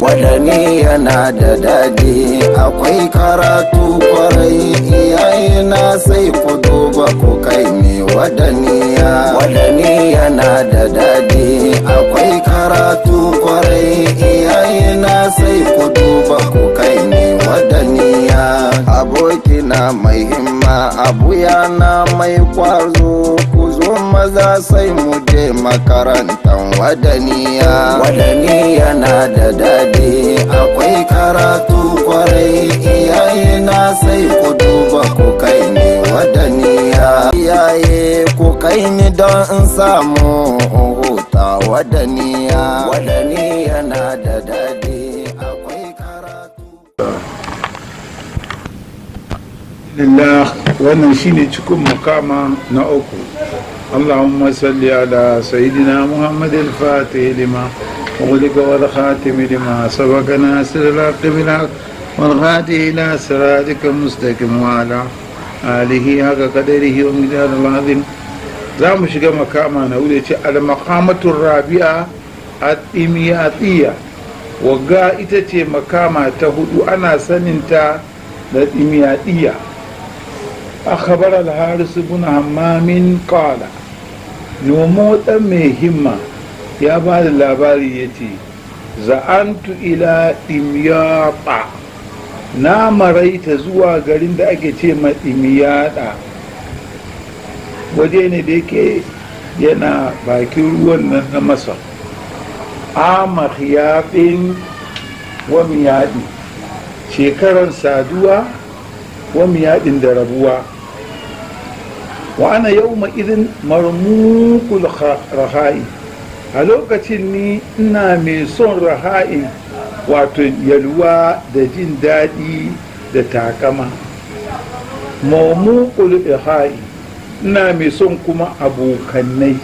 Wadani yana da daɗi akwai karatu kwarai iyaye na sai ku duba ku kai ne wadaniya. Wadani yana da daɗi akwai karatu kwarai iyaye na sai ku duba ku madaniya abokina mai himma abuya na mai kwazo ku zo maza sai mu je makarantan wadaniya wadaniya na da dadi akwai karatu kwarai iyaye na sai ku duba ku kai ne wadaniya iyaye ku kai ni don in samu huta wadaniya wadaniya na da dadi alhamdulillah wannan shine cikin mukama na uku allahumma salli ala sayidina muhammad al-fatih lima ulika wal khatim lima sabaka nasir al-aqib wal khati ila siratika mustaqim wa ala alihi haka qadarihi wa mizan al-azim za mu shiga makama na wuce ce al rabi'a a imiyatiya Wagga ita ce makama ta hudu ana sanin ta da imiyatiya أخبر الحارث بن همام قال نومو مي همة يا بعد اللاباري يتي زعمت إلى إمياطا na maraita zuwa garin da ake ce ma maɗimiyada waje ne da yake yana bakin ruwan nan na masar amar yaɓin wamiyadi shekaran saduwa wamiyadin da rabuwa wa yau ma idin marmukul raha'i a lokacin ni ina mai son raha'i wato yalwa da jin daɗi da takama marmukul raha'i ina mai son kuma abokannai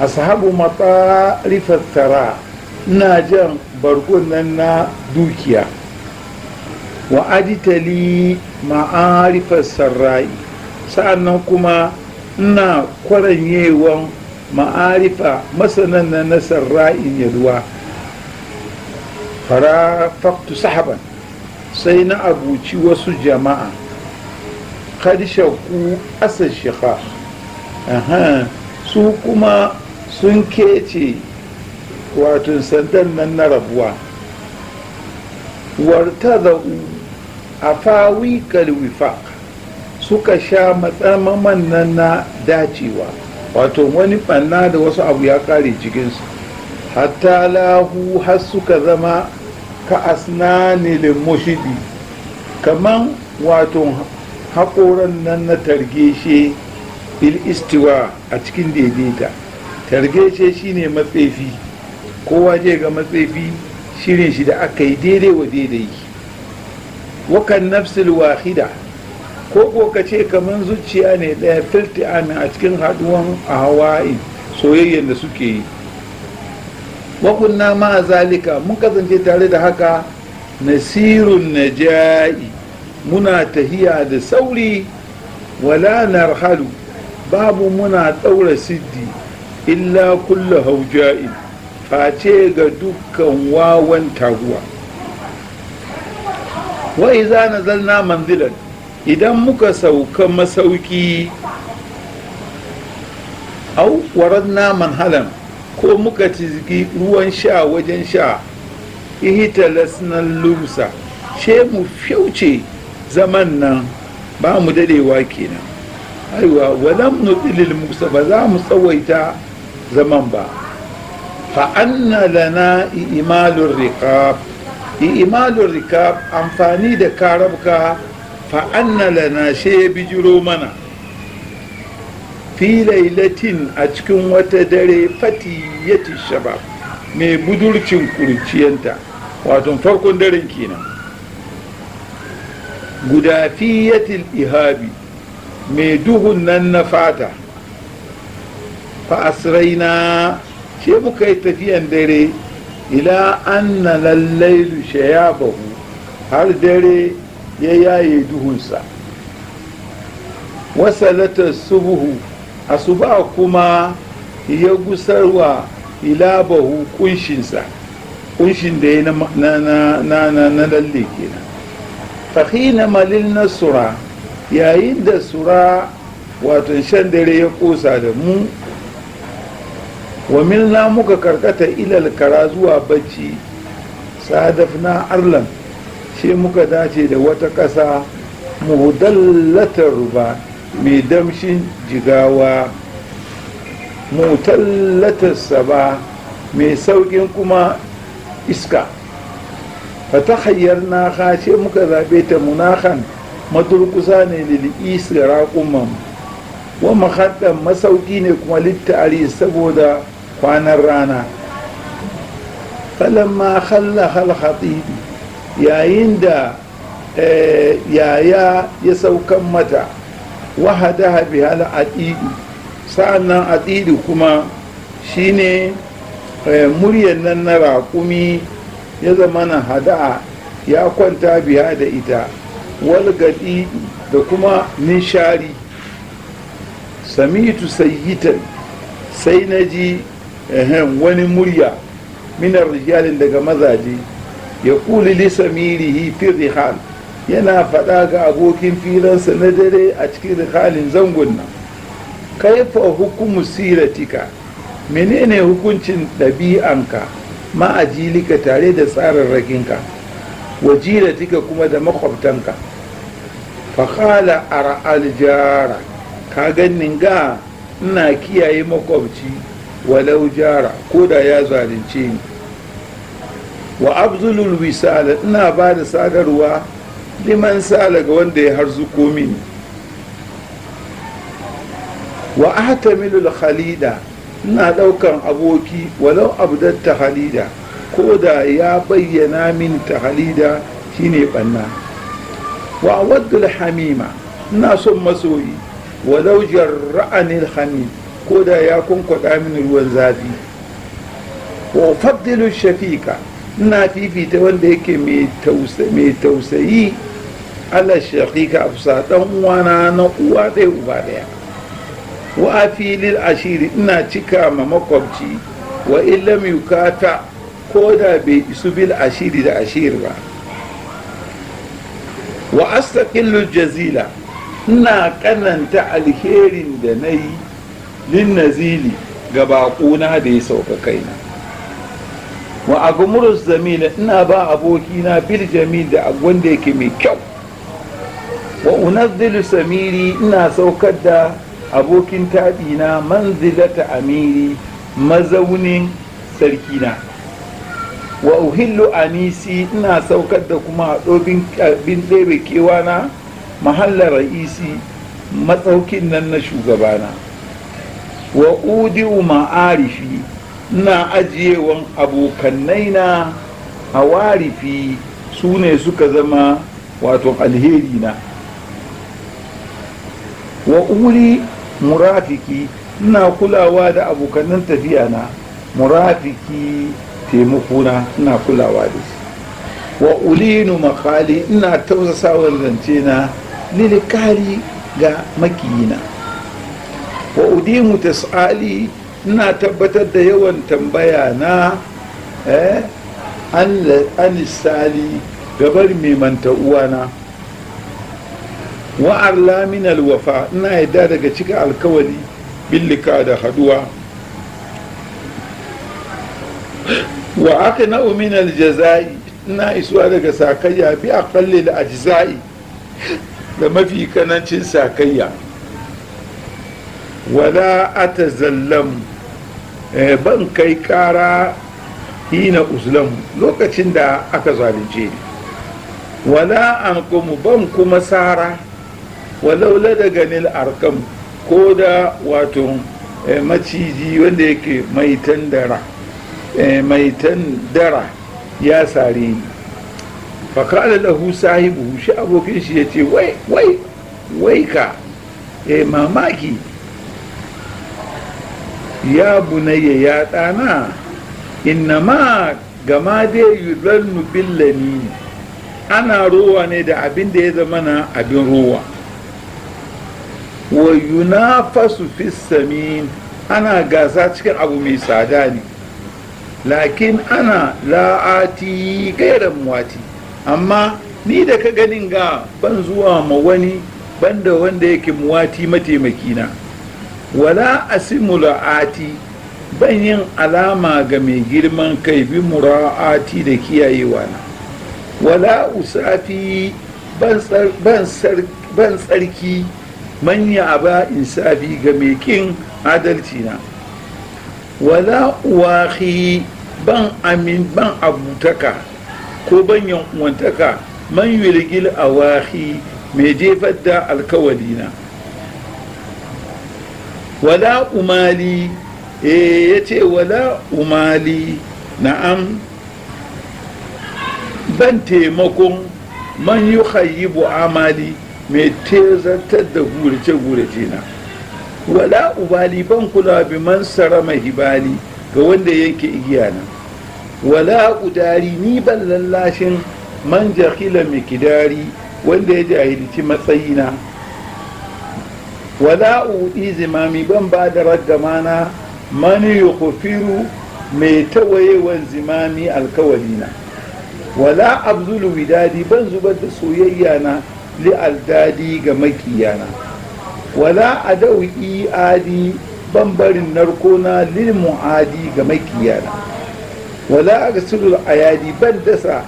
ashabu matsarifar tara ina jan bargon nan na dukiya wa ajitali ma'arifar sarra'i nan kuma ina kwaranyewan ma'arifa masanan na nasar ra'in fara faktu sahaban sai na abuci wasu jama'a ku asar shekha su kuma sun kece wato sandan nan na rabuwa warta da a fawi kalwifa suka sha matsamaman nan na dacewa wato wani banna da wasu abu ya kare cikinsu hatta lahu har suka zama ka asna asnanilin mushidi kaman wato haƙoran nan na targeshe bil istiwa a cikin daidaita targeshe shine matsefi kowa je ga matsefi shirin shi da aka yi daidai wa daidai wakan nafsil wahida ko ko ka ce kamar zuciya ne daya filti amin a cikin haduwan a Hawa'in soyayyar da suke yi wakunna ma zalika mun kasance tare da haka nasirun naja'i muna tahiya da sauri wala narhalu babu muna ɗaura siddi illa kulla haujai face ga dukkan wawan taguwa wa na zalna manzilan idan muka sauka masauki au naman halam ko muka cizgi ruwan sha wajen sha ihita lasnan lusa she mu fyauce zaman nan ba mu dadewa kenan aiwa walam nutilil musa ba za mu tsawaita zaman ba fa'anna lana imalun rikab imalun rikab amfani da karabka fa’anna lana she ya bijiro mana fi lailatin a cikin wata dare fatiyati shaba mai budurcin kurciyanta wato farkon daren kenan guda gudafiyatil ihabi mai duhun nan na fata fa asraina ce muka yi tafiyan dare ila anna lallailu shayabahu har dare ya yaye duhunsa wasalata subuhu asuba kuma ya gusarwa ilabahu kunshinsa kunshin da ya na lalle kenan fahina malil na sura yayin da sura wato shan dare ya kosa da mu wa milna muka karkata ilal kara zuwa bacci sadaf na arlan sai muka dace da wata ƙasa mudallatar ruba mai damshin jigawa mutallatarsa ba mai sauƙin kuma iska fata hayyar naka ce muka zaɓe ta munakan maturkusa ne lil'is ga raƙuman wa mahaɗan masauƙi ne kuma littari saboda kwanan rana falamma halla hal yayin da eh, yaya ya saukan mata wahada bihal aqidu sa'annan aqidu kuma shine eh, muryan nan na raƙumi ya zama na hada'a ya kwanta biya da ita walgaɗi da kuma nishari samitu sayyitan sai na ji wani murya minar rijalin daga mazaje ya kuli lisamirihi fi rihal yana faɗa ga abokin filarsa na dare a cikin rihalin zangon nan fa hukumu siratika menene hukuncin ɗabi'anka ma'ajilika tare da tsarin tsararrakinka wajiratika kuma da makwabtanka fakala ara aljara ka ganin ga ina kiyaye makwabci walau jara ko da ya zalunce ni wa abdulul wisala ina ba da sadarwa liman sala ga wanda ya harzu mini wa ahtamilul khalida ina daukan aboki walau ta halida ko da ya bayyana min ta halida shine banna wa awaddul hamima ina son masoyi walau jarra'anil hamim ko da ya kunkwada min ruwan zafi wa faddilu shafiqa ina fifita wanda yake mai tausayi ala shakika afsa dan uwana na uwa ɗaya uba ɗaya wa a filin ashiri ina cika ma makwabci wa illam yukata ko da bai isu bil ashiri da ashiri ba wa astaqillu jazila ina kananta alherin da na yi lin nazili ga baƙona da ya sauka kaina wa murus zamila ina ba abokina bil jamil da wanda yake mai kyau wa unazzilu samiri ina saukar da abokin taɗina manzilata amiri mazaunin sarkina wa uhillu anisi ina saukar da kuma haɗobin kewa na mahallar ra'isi matsaukin nan na shugabana wa udi ma'arifi ina ajiyewan abokannai na a warifi su ne suka zama wato alheri na wa uri murafiki ina kulawa da abokanan tafiya na murafiki taimakona ina kulawa da shi wa ulinu makali ina sawar zance na lilikari ga makiyina wa udimu tasali ina tabbatar da yawan tambaya na eh, anisali gabar mai uwana wa'ar laminal wafa ina yadda daga cika alkawari billika da haduwa wa aka na jaza'i ina isuwa daga sakayya bi a da ajza'i da mafi kanancin sakayya wala ata zallamu Eh, ban kai kara hina uzlam lokacin da aka zalunce ni wala an kuma ban kuma sara walaula da ganil arkam ko da wato eh, maciji wanda yake mai tandara eh, mai tandara ya sare ni fakala lahu sahibu shi abokin shi ya ce wai wai wai ka mamaki ya bunayya ya ɗana innama gama dai yudannu billani ana rowa ne da abin da ya zama na abin rowa wa yunafasu sami? ana gasa cikin abu mai tsada ne lakin ana la'ati gairan muwati amma ni da ka ganin ga ban zuwa ma wani banda wanda yake muwati mataimakina wala asimu la'ati ban yin alama ga mai girman kai bi mura'ati da kiyayewa na wala usafi ban tsarki manya ba insafi ga mai kin adalci na wala uwahi ban amin ban abutaka ko ban uwantaka man a waki mai jefar da alkawalina na wala umali eh ya ce wala umali na'am ban taimakon man yi amali mai tezartar da gurace-gurace na wala ubali ban kula bi man sarama hibali ga wanda yake igiya na wala udari ni ban lallashin man jahila mikidari wanda ya jahilci matsayina wala uɗi zimami ban ba da raggamana mani yukufiru mai tawayewan zimami alkawalina wala abzulu widadi ban zubar da soyayya na li aldadi ga makiyana wala adawi i'adi ban barin narkona lil mu'adi ga makiyana wala agsilul ayadi ban dasa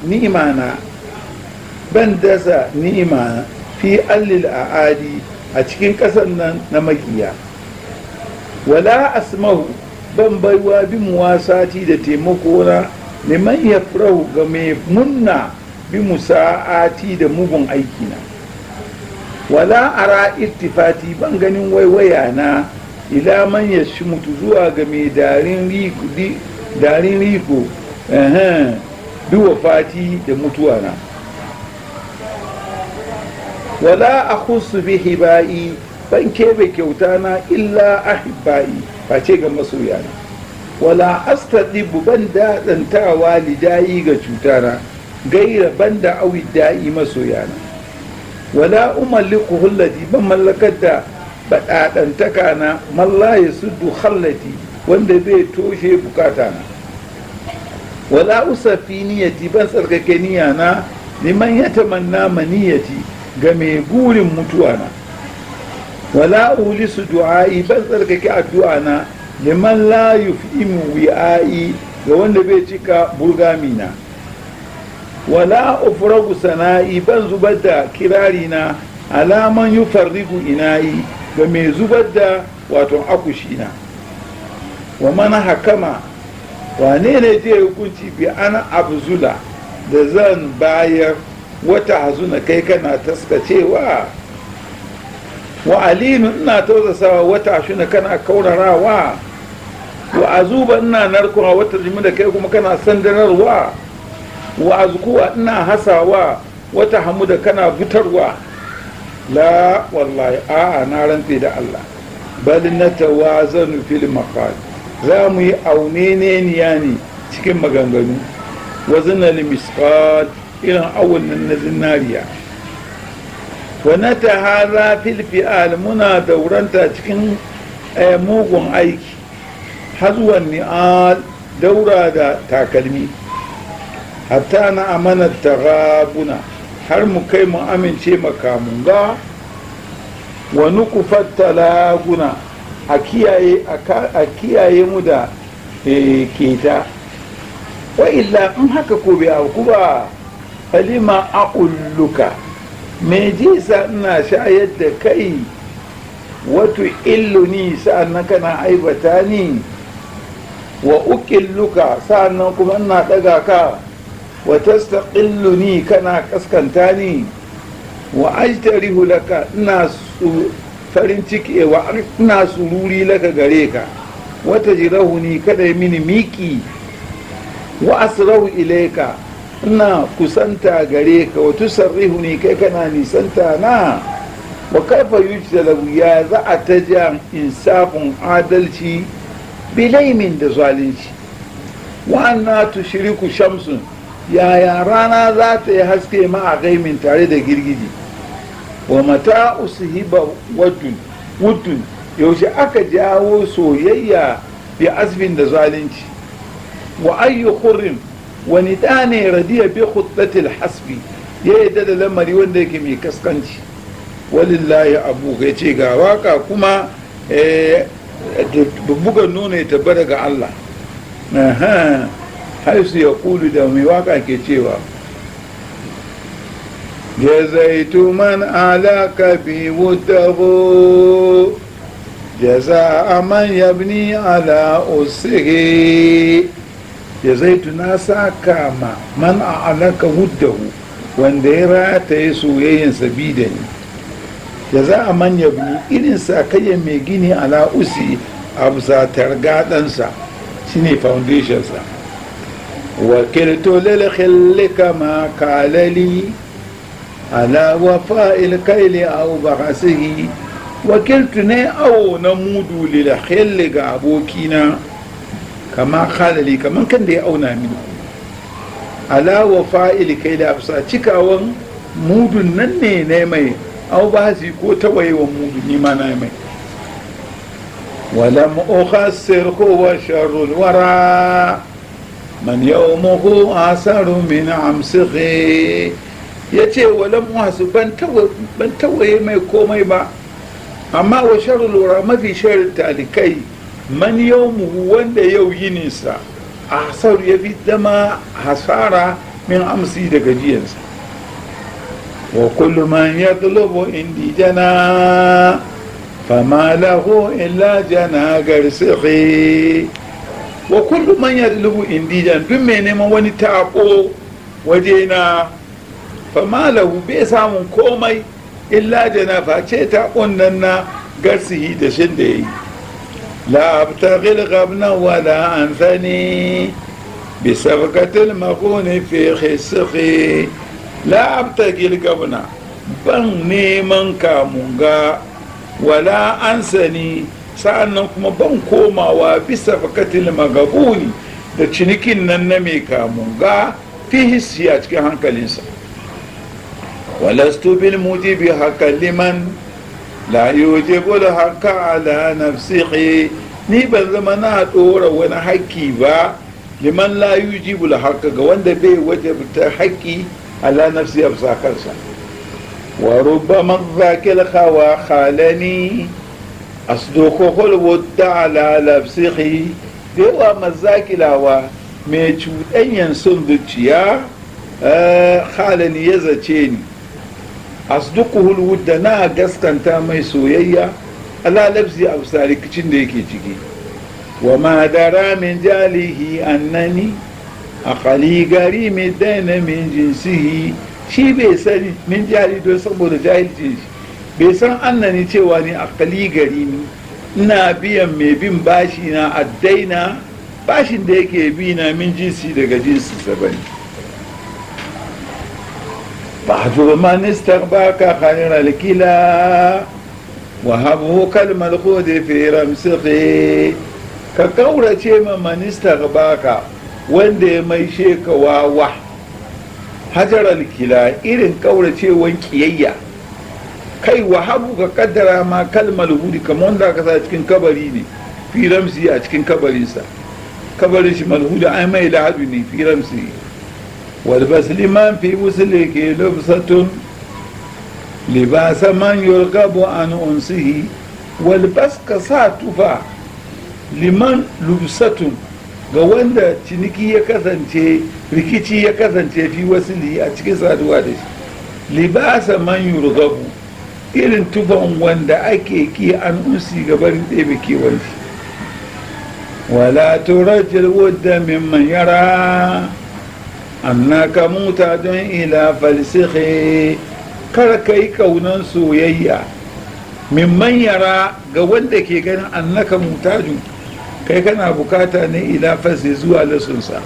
ban dasa ni'ima fi allil a'adi a cikin ƙasar nan na makiya wala asmau ban baiwa bi muwasati da taimako na neman ya furau ga mai munna bi musa'ati da mugun aiki na. wala ara irtifati ban ganin waiwaya na ila man ya mutu zuwa ga mai darin riko bi wafati da mutuwa na wala akhussu bi hibai ban kebe kyauta na illa a ba ce ga masoya na wala astadibu ban daɗantawa lidayi ga cuta na, gaira ban da awi masoya na wala ku hulladi ban mallakar da baɗaɗantaka na malla mallaye suddu duhallati wanda zai toshe bukata na wala usafi niyyati ban tsarkake niyya na liman ya tamanna maniyyati ga mai gurin mutuwa na wala ulisu du'a'i ban tsarkake addu'a na liman la yuf'imu wi'a'i ga wanda bai cika burgami na wala ufragu sana'i ban zubar da kirari na alaman yufarrigu ina'i ga mai zubar da wato akushi na wa mana hakama wane ne je hukunci bi ana abzula da zan bayar wata hazuna kai kana taskacewa wa alinu ina tausasawa wata shuna kana kaurarawa wa azuba ina narkuwa wata jimi da kai kuma kana sandararwa wa azkuwa ina hasawa wata hamuda kana butarwa la wallahi a'a na rantse da Allah bal na tawazanu fil maqal za mu yi aune ne ne cikin maganganu wazna al irin awon nan na zinariya ta haza filfi'al muna dauranta cikin eh, mugun aiki hazuwan ni'al daura da takalmi hatta na amanar rabuna har mu kai mu amince makamunga wa nukufar talaguna a kiyaye mu da eh, keta wa illa in haka ko bai auku ba falima aƙulluka me jisa ina shayar da kai wato illuni sa'annan kana aibata ni wa uqilluka sa'annan kuma ina daga ka wa tastaqilluni kana ƙaskanta ni wa ajtarihu laka ina farin ciki wa ina sururi laka gare ka wata jirahuni kada mini miki wa asrahu ilaika ina kusanta gare ka wa tusarrihu ne kai kana nisanta na wa kaifa da ya za a ta ja insafin adalci bilaimin da zalunci wa tu shiriku shamsun yaya rana za ta yi haske ma a gaimin tare da girgiji wa mata usuhiba wadun wudun yaushe aka jawo soyayya bi azbin da zalunci wa ayyukurin. wani ta ne radiya bi khutbatil hasbi ya yadda da lamari wanda yake mai kaskanci walillahi abu ya ce ga waka kuma eh, bugan nuna ya tabbata ga Allah su ya kulu da mai waka ke cewa ka bi علاك بي وده a man yabni ala أسره ya zaitu na sa kama man a alaka wuddahu wanda ya rataye soyayyen da ni ya za a manya bi irin sa sakayya mai gini ala usi a bisa targaɗansa ne foundationsa wakilto lil ma, kalali ala wafa ilkaili uba bahasihi wakiltu ne awo na mudu lil ga abokina kama khalali kaman kan da ya auna mini ala wa fa'ili kai da afsa cikawan mudun nan ne ne mai au ba su ko tawayewan mudu ni ma na mai walam ko wa sharrul wara man yawmuhu asaru min amsighi yace walam uhassu ban ban tawaye mai komai ba amma wa sharrul wara mafi sharrin talikai man yawmuhu wanda yau yininsa hasar ya fi zama hasara min amsi da gajiyansa wa kullu man yadlubu indijana fama lahu illa jana garsihi wa kullu man indi indijan duk mai neman wani taɓo waje na fama lahu bai samun komai illa jana face taɓon nan na garsihi da shi da yi لا أبتغي الغبن ولا أنثني بسبقة المغون في خسخي لا أبتغي الغبن ban neman kamunga wala ansani sa'annan kuma ban komawa bisa fakatil magabuni da cinikin nan na mai kamunga fi hissi a cikin hankalinsa walastu bil mujibi haka liman la yujibul hakka ala nafsihi ni ban zama na ɗora wani haƙƙi ba liman la yujibul hakka ga wanda bai wajabta haƙƙi ala nafsi a kansa wa rubbama dhakil khawa khalani asduqu hulwu ta'ala nafsihi dewa mazakilawa mai cuɗanyan sun zuciya khalani ya zace ni asduquhul da na gaskanta mai soyayya ala labzi a bisa rikicin da yake ciki wa ma dara min jalihi annani a kali gari mai daina min jinsihi shi bai sani min jali don saboda jahilcin shi bai san annani cewa ne a kali gari ni ina biyan mai bin bashi na addaina bashin da yake bi na min jinsi daga jinsi sabani فحسب من استغباك خير الكلا وهبه كالملخود في رمسخي ka kaurace ma manistar baka wanda ya maishe ka wawa hajarar kila irin kauracewan kiyayya kai wahabu ka kaddara ma kalmar hudi kamar wanda aka sa cikin kabari ne firamsi a cikin kabarinsa shi malhuda ai mai lahabi ne firamsi والبس لمن في وسلك لبسة لباس من يرغب عن أنسه والبس كساتفا liman lubsatun ga wanda ciniki ya kasance rikici ya kasance fi wasili a cikin saduwa da shi libasa man yurgabu irin tufan wanda ake ki an unsi gabarin ɗebe kewanci wala turajil wadda mimman annaka mutadun ila falsihi kar ka kaunan soyayya mimman yara ga wanda ke ganin annaka mutaju. kai kana bukata ne ila falsihi zuwa lasunsa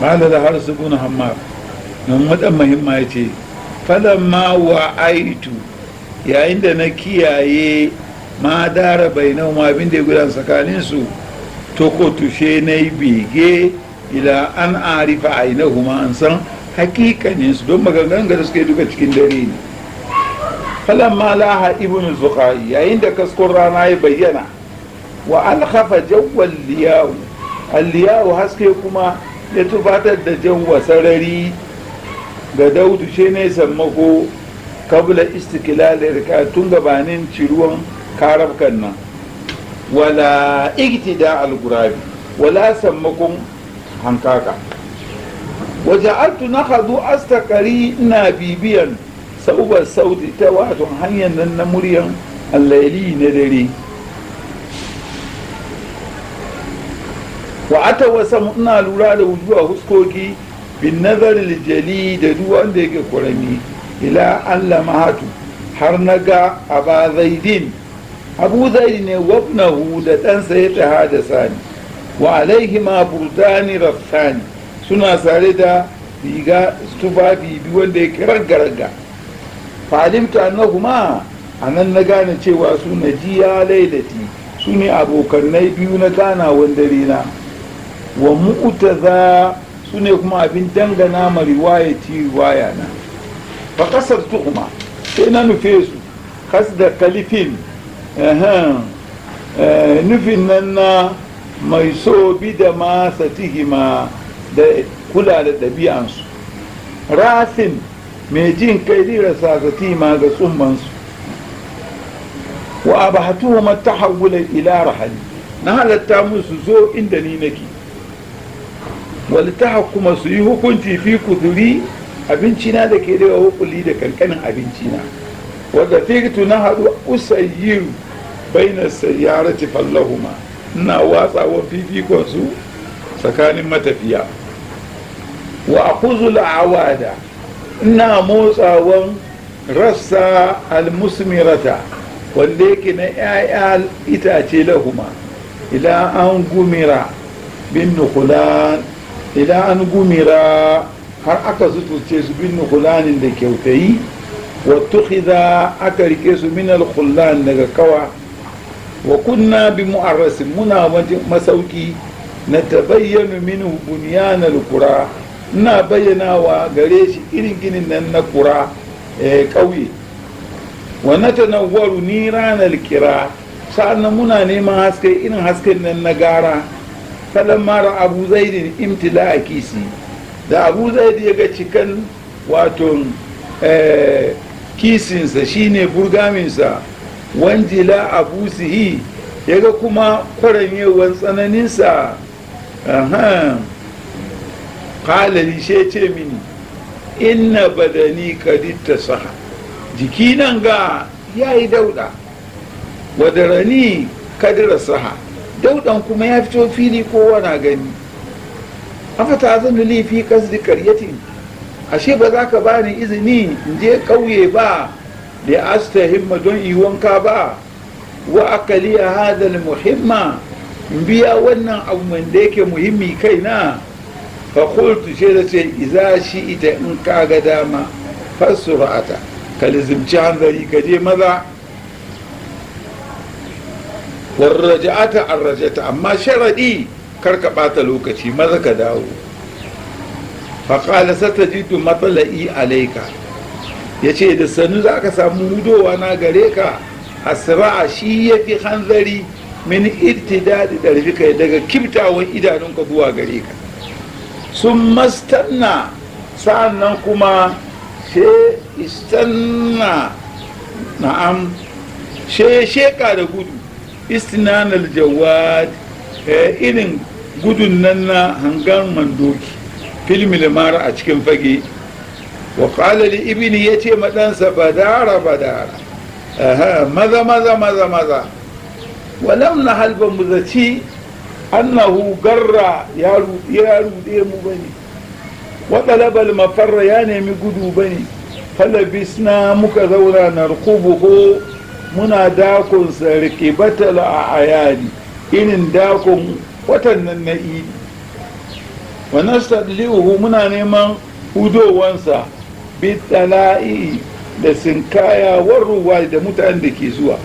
malar har su guna hammar nan wadan mahimma ya ce falamma wa aitu yayin da na kiyaye ma dara bai nan abin da ya gudan tsakaninsu to ko tushe na yi bege ila an arifa ainahuma an san hakikanin su don maganganun da suke duka cikin dare ne ma laha ibn zuqai yayin da kaskon rana ya bayyana wa alhafa jawwal liyawu alliyawu haske kuma ya tufatar da jawwa sarari ga daudu shi ne sammako kabla istiklalir rika tun gabanin ciruwan karabkan nan wala iktida al-gurabi wala sammakon hankaka waje altu na hadu astakari ina bibiyan saubar sauti ta wato hanyar nan na muryan allaili na dare wa ata wasa ina lura da wujuwa huskoki bin nazarin jali da duk wanda yake kurami ila allah mahatu har na ga abu zaidin abu zaidi ne wabnahu da ɗansa ya ta hadasa sani. wa alaihima burdani rassani suna sare da riga ba bibi wanda ya kirar garga falimta na kuma a nan na gane cewa su na jiya lailati su ne abokanai biyu na gana wanda rina wa za su ne kuma abin dangana ma riwayati riwaya na ba kasar tuhuma sai na nufe su kas da kalifin eh, nufin nan na mai so bi da masa tihima da kula da ɗabi'ansu rasin mai jin kai rira ma ga tsummansu wa mata tahawwula ila rahani na halatta musu zo inda ni nake wal kuma su yi hukunci fi kuduri na da ke da hukuli da kankanin abincina wadda fiktu na haɗu bai usayyiru bainar sayyarati fallahuma na watsa wa fifikonsu tsakanin matafiya wa a kuzul awada ina motsawan rassa almusmirata wanda yake na 'ya'ya itace lahuma ila an gumira bin nukulan ila an gumira har aka sutuce su bin nukulanin da kyautayi wa tukhidha aka rike su min al daga kawa wa kunna bi mu'arrasi muna masauki na tabayyanu minhu bunyanal qura ina bayyanawa gare shi irin ginin nan na kura eh, ƙauye wa na tanawwaru ni ranar kira sa'annan muna neman haske irin hasken nan na gara falan mara abu zaidin imtila a kisi da abu zaidi ya ga cikan wato eh, kisinsa shine burgaminsa wanjila abusihi ya ga kuma kwaramewan tsananinsa kalali shi ce mini inna badani kaditta saha jiki nan ga ya yi dauda wadarani kadira saha daudan kuma ya fito fili kowa na gani afata zan lifi kasdi karyatin ashe ba za ka bani izini in je ƙauye ba da himma don yi wanka ba wa akaliya hadal muhimma biya wannan abu man da yake muhimmi kaina fa qultu sai da ce shi ita in ka ga dama ra'ata ka lizimci hanzari ka je maza warraja'ata rajata amma sharaɗi karka ka bata lokaci maza ka dawo fa ta satajidu matsala'i alaika. ya ce da sanu za ka samu hudowa na gare ka asra'a shi ya fi hanzari min daɗi da rufika daga kibtawan idanunka zuwa gare ka sun mastanna sa'annan kuma she istanna na'am she sheka da gudu istinanar jawad eh, irin gudun nan na hangar mandoki filmi mara a cikin fage wa li ibni yace ce maɗansa badara badara aha maza maza maza maza walam na halba mu zaci annahu garra ya rude mu bane wa talabal mafarra ya nemi gudu bane falabisna muka zauna narkubuhu muna dakon sarki batal a ayani inin dakon watannan na idi wa muna neman hudowansa bitala'i da sinkaya warruwa da mutanen da ke zuwa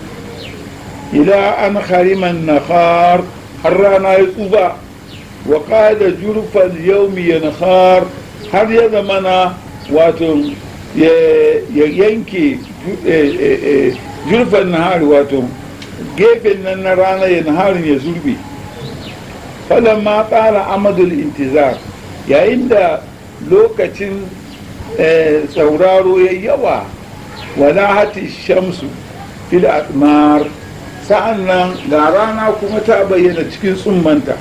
ila an hariman nahar har rana ya tsuba wa ƙada jurfan yaumi ya nahar har ya zamana wato ya yanke eh, eh, eh, jurfan nahar wato gefen nan na rana ya naharin ya zurbe falon ma ƙara amadul intizar yayin da lokacin Eh, sauraro ya yawa wala hati shamsu fil atmar sa'an nan ga rana kuma ta bayyana cikin tsummanta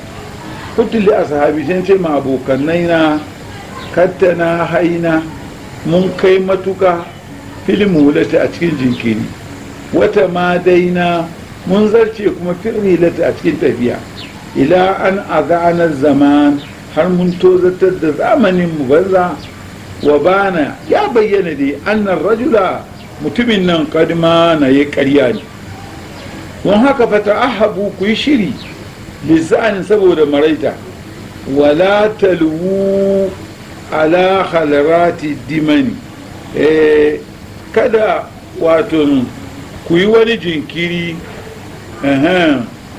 kutuli a sahabi sun ce ma abokan na kattana haina mun kai matuka filimu mulata a cikin jinkiri wata ma daina mun zarce kuma firrilata a cikin tafiya ila an a zaman har mun tozatar da zamanin mu banza wa bana ya bayyana dai annan rajula mutumin nan kadma na ya karya ne don haka fata ahabu ku yi shiri lizanin saboda maraita wala talwu ala halarati dimani eh, kada wato ku yi wani jinkiri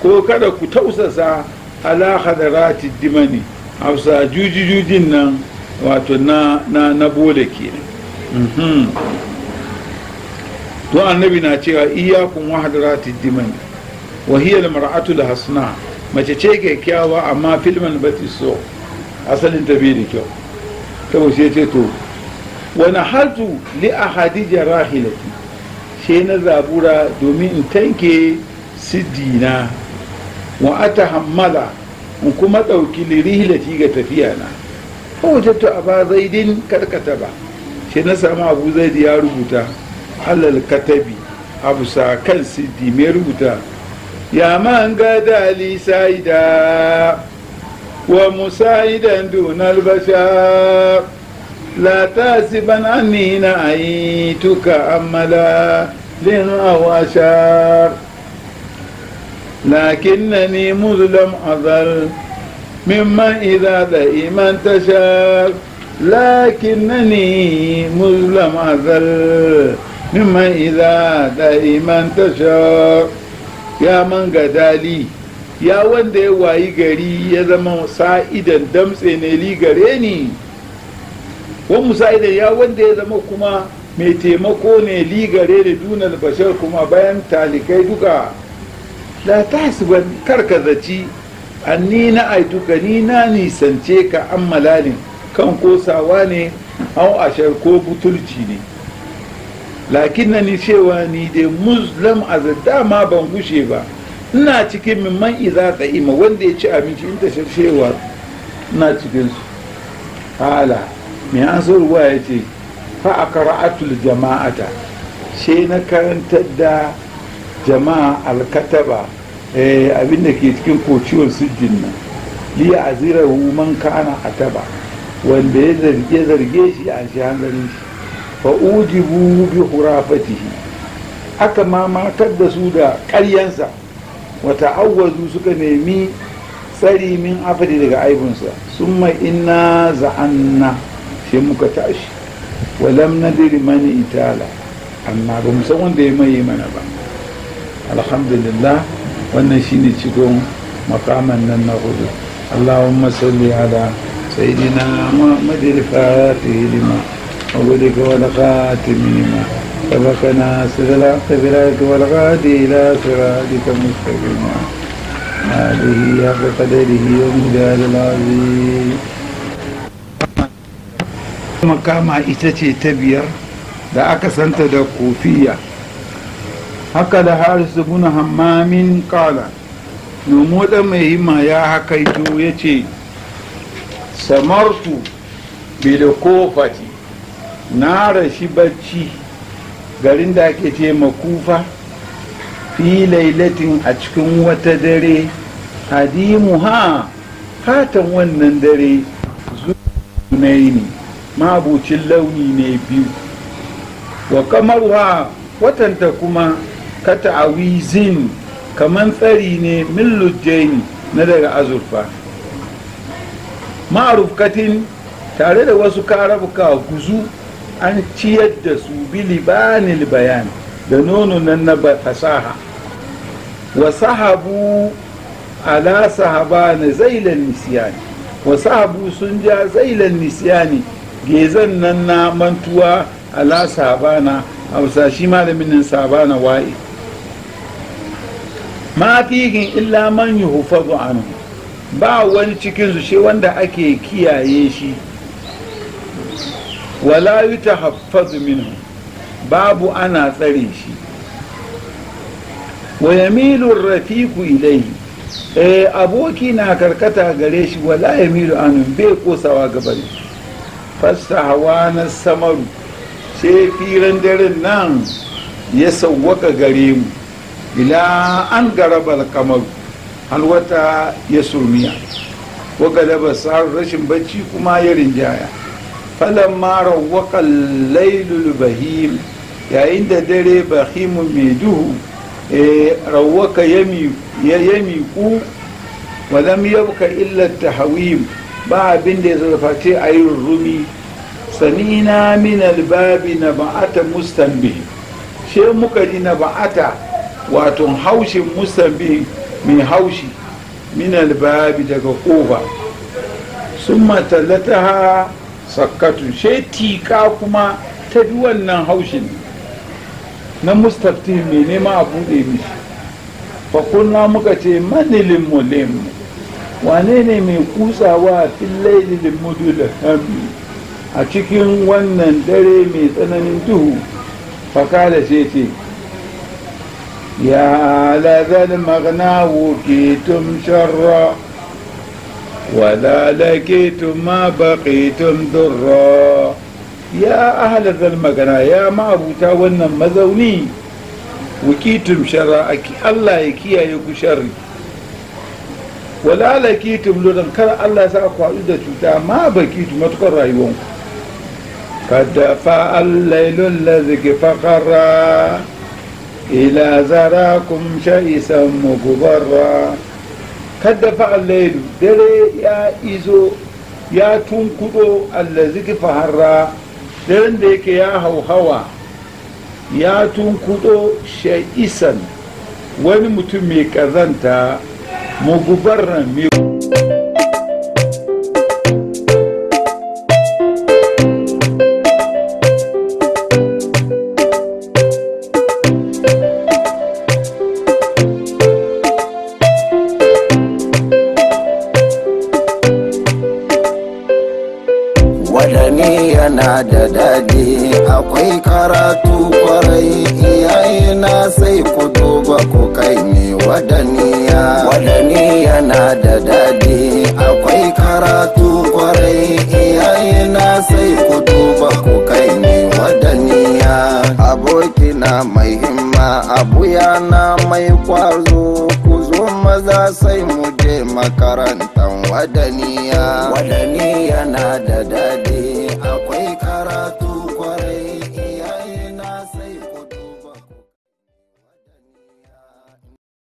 ko kada ku tausasa ala halarati dimani hausa jujijujin nan wato na na na ke mhm. to annabi na cewa iyakun wahadrati diman wa hiya almar'atu alhasna mace ce kyakkyawa amma filman bati so asalin ta bai da kyau to sai ce to wani hadu li ahadija rahilati sai na zabura domin in tanke siddina wa ata hammala in kuma ɗauki lirihilati ga tafiya na fawajattu a ba zaidin karkata ba shi na samu abu zaidi ya rubuta Halal katabi abu sa kan siddi mai rubuta ya man dali sa'ida wa musaidan dunal bashar la tasiban anni na aituka amala lin awashar ni muzlam azal ممن إذا دائما تشاف لكنني مظلم أذل ممن إذا دائما تشاف يا من قدالي ya wanda ya wayi gari ya zama sa'idan damtse ne li gare ni musa'idan ya wanda ya zama kuma mai taimako ne li gare da dunar bashar kuma bayan talikai duka la ta ka zaci anni na aituka ni na nisance ka an malalin kan kosawa ne an ashar ko butulci ne lakin na ni cewa ni dai muslim a dama ban gushe ba ina cikin mimman iza ima wanda ya ci abinci in tashar cewa ina su. hala mai an ansarwa ya ce fa a kara'atul jama'ata shi na karantar da jama'a alkataba Eh, abin da ke cikin kociwar sujjin nan liya azira man kana taba. wanda ya zarge zarge shi a shi hanzarin shi fa ujibu bi hurafatihi aka mamatar da su da karyansa wata awwazu suka nemi tsari min afadi daga aibinsa sun mai ina za'anna sai muka tashi walam nadiri mani itala amma ba musamman san wanda ya maye mana ba alhamdulillah wannan shine cikin makaman nan na hudu allahumma salli ala sayyidina al fatihi lima وغلق والخاتم لما سبقنا سر الحق بالحق والغادي الى صراطك مستقيما هذه حق قدره ومجال العظيم makama ita ce ta biyar da aka santa da kofiya haka da haris guna hammamin kala nomo da mai hima ya hakaito ya ce samartu bi da kofati na rashi bacci garin da ake ce makufa fi lailatin a cikin wata dare hadimu ha fatan wannan dare ne. mabucin launi ne biyu wa kamar wa watanta kuma ka ta'awizin kaman tsari ne min na daga azurfa ma'arufkatin tare da wasu karabuka guzu an ciyar da su bi libanil bayan da nono nan na fasaha wa sahabu ala sahaba na zailan nisiyani wa sahabu sun ja zailan nisiyani gezan nan na mantuwa ala sahaba na hausa shi malamin nan sahaba na wa'i ma fihin illa man yuhfazu anhu ba wani cikin su shi wanda ake kiyaye shi wala hafazu minhu babu ana tsare shi wa yamilu rafiku ilayhi eh aboki na karkata gare shi wala yamilu Anu, bai kosawa gabari fasahawa na samaru sai firan daren nan ya sawwaka gare mu ila an garabal kamaru halwata ya surmiya wa da basar rashin bacci kuma ya rinjaya falan mara waƙal lailul bahim yayin da dare bahimu mai duhu rawaka ya ya walam yabka illa tahawim ba abin da ya zarface a yin rumi na min albabi na ba'ata mustanbi she muka ji na ba'ata wato haushin musambi mai haushi min albabi daga kofa sun matallata ha sakkatu sai tika kuma ta bi wannan haushin na mustafti mai nema a buɗe mishi fakunna muka ce manilin mulim wane ne mai kusawa a limudu da hami a cikin wannan dare mai tsananin duhu fakala sai ce يا ذا المغنى وكيتم شرا ولا لقيتم ما بقيتم ضرا يا أهل ذا المغنى يا ما أبوتا ونن مذوني وكيتم شرا الله يكيا يكو شري wala lakitum ludan kar Allah sa ku haɗu da cuta ma bakitu matukar rayuwanku kada fa allailul ladhi faqara إذا زراكم shaisan mugubarra kadda fa allailu dare ya izo ya tunkudo allaziki faharra daren da yake ya hauhawa ya tunkudo sha'isan wani mutum mai kazanta mugubarran mai mai himma abuya na mai kwazo ku zo maza sai mu je makarantan wadaniya